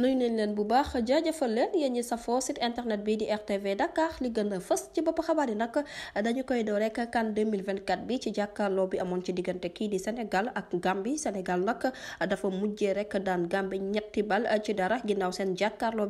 Quando nañ leen bu baax jaajëfal leen yéen ñi safoo site internet bi di RTV Dakar li a fës ci bopp xabaar yi dañu koy doo rek CAN bi ci jàkkaarloo bi amoon ci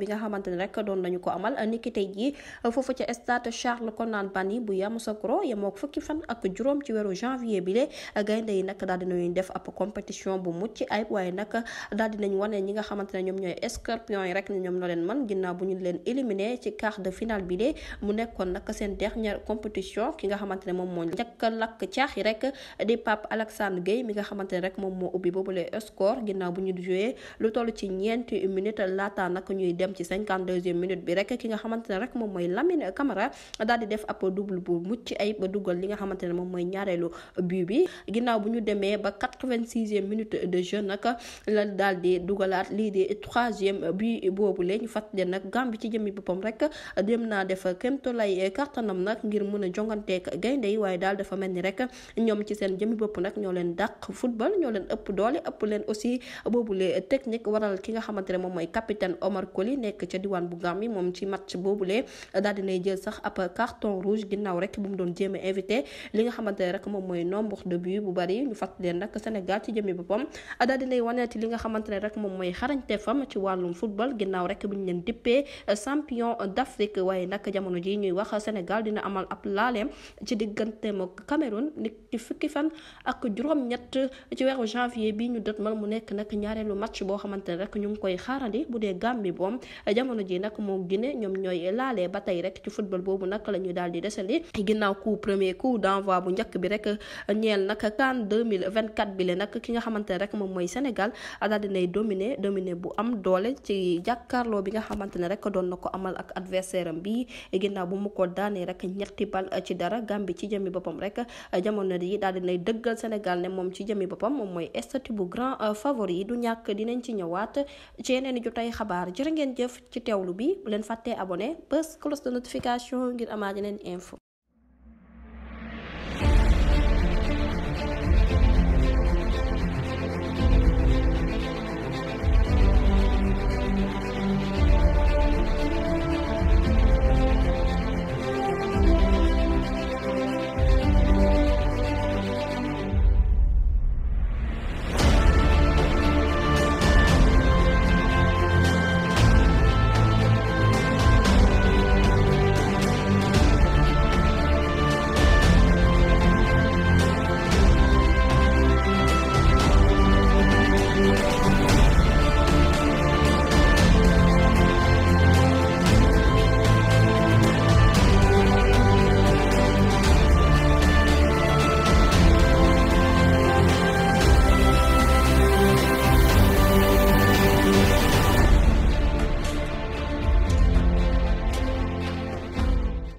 nga xamante ne doon nañu ko amal a tey jii foofu ca stade Charles Konan Banny bu Yamoussoukro yemoo fukki fan ak juróom ci weeru janvier bi le gaynde yi nag daal dinañuy def ab compétition bu mucc ayib waaye nag daal dinañ wane ñi nga xamante ñoom ñooy scorpion yi rek ñoom ñoo leen man ginnaaw bu ñu leen éliminer ci quart de finale bi de mu nekkoon nag seen dernière compétition ki nga xamante ne moom moo njëkk a lakk caax yi rek di Pape alexandre Gueye mi nga xamante ne rek moom moo ubbi boobule score ginnaaw bu ñu joué lu toll ci ñeenti minute laata nag ñuy dem ci cinquante deuxième minute bi rek ki nga xamante ne rek moom mooy Lamine Camara daal di def ab double bu mucc ayib ba dugal li nga xamante ne moom mooy ñaareelu but bi ginnaaw bu ñu demee ba quatre vingt sixième minute de jeu nag la daal di dugalaat lii di troisième bi boobu lee ñu fàttali nag Gambie ci jëmmi boppam rek dem naa def kéemtolay kàttanam nag ngir mën a jonganteek gaynde yi waaye daal dafa mel ni rek ñoom ci seen jëmmi bopp nag ñoo leen dàq football ñoo leen ëpp doole ëpp leen aussi boobulee technique waral ki nga xamante ne moom mooy capitaine Omar Koli nekk ca diwaan bu Gambie moom ci match boobulee daal dinay jël sax ab carton rouge ginnaaw rek bu mu doon jéem invité li nga xamante ne rek moom mooy nombre de bu bari ñu fàttali leen nag Sénégal ci jëmmi boppam daal dinay rek moom mooy xarañte fam ci wàllum football ginnaaw rek bu ñu leen dippee euh, champion d'Afrique waaye nag jamono ji ñuy wax Sénégal dina amal ab laaleem ci digganteem ak Cameroun nit fukki fan ak juróom-ñett ci weeru bi ñu dëtmal mu nekk nag ñaareelu match boo xamante ne rek ñu ngi koy xaarandi bu dee Gambie boom jamono ji nag moo Guinée ñoom ñooy laalee ba tey rek ci football boobu nag la ñuy daal di desandi ginnaaw coup premier coup d'envoi bu njëkk bi rek ñeel nag CAN 2024 bi le nag ki nga xamante ne rek moom mooy Sénégal daal dinay dominer dominer bu am doole ci jàkkaarloo bi nga xamante ne rek doon na ko amal ak adversaire am bi ginnaaw bu mu ko daanee rek ñetti bal uh, ci dara Gambie ci jëmi boppam rek uh, jamono yi daal dinay dëggal Sénégal ne moom ci jëmi boppam moom mooy statut bu grand uh, favori du ñàkk dinañ ci ñëwaat ci yeneen i jotay xabaar jërë ngeen jëf ci teewlu bi bu leen fàttee abonné bés cloche de notification ngir amaat yeneen info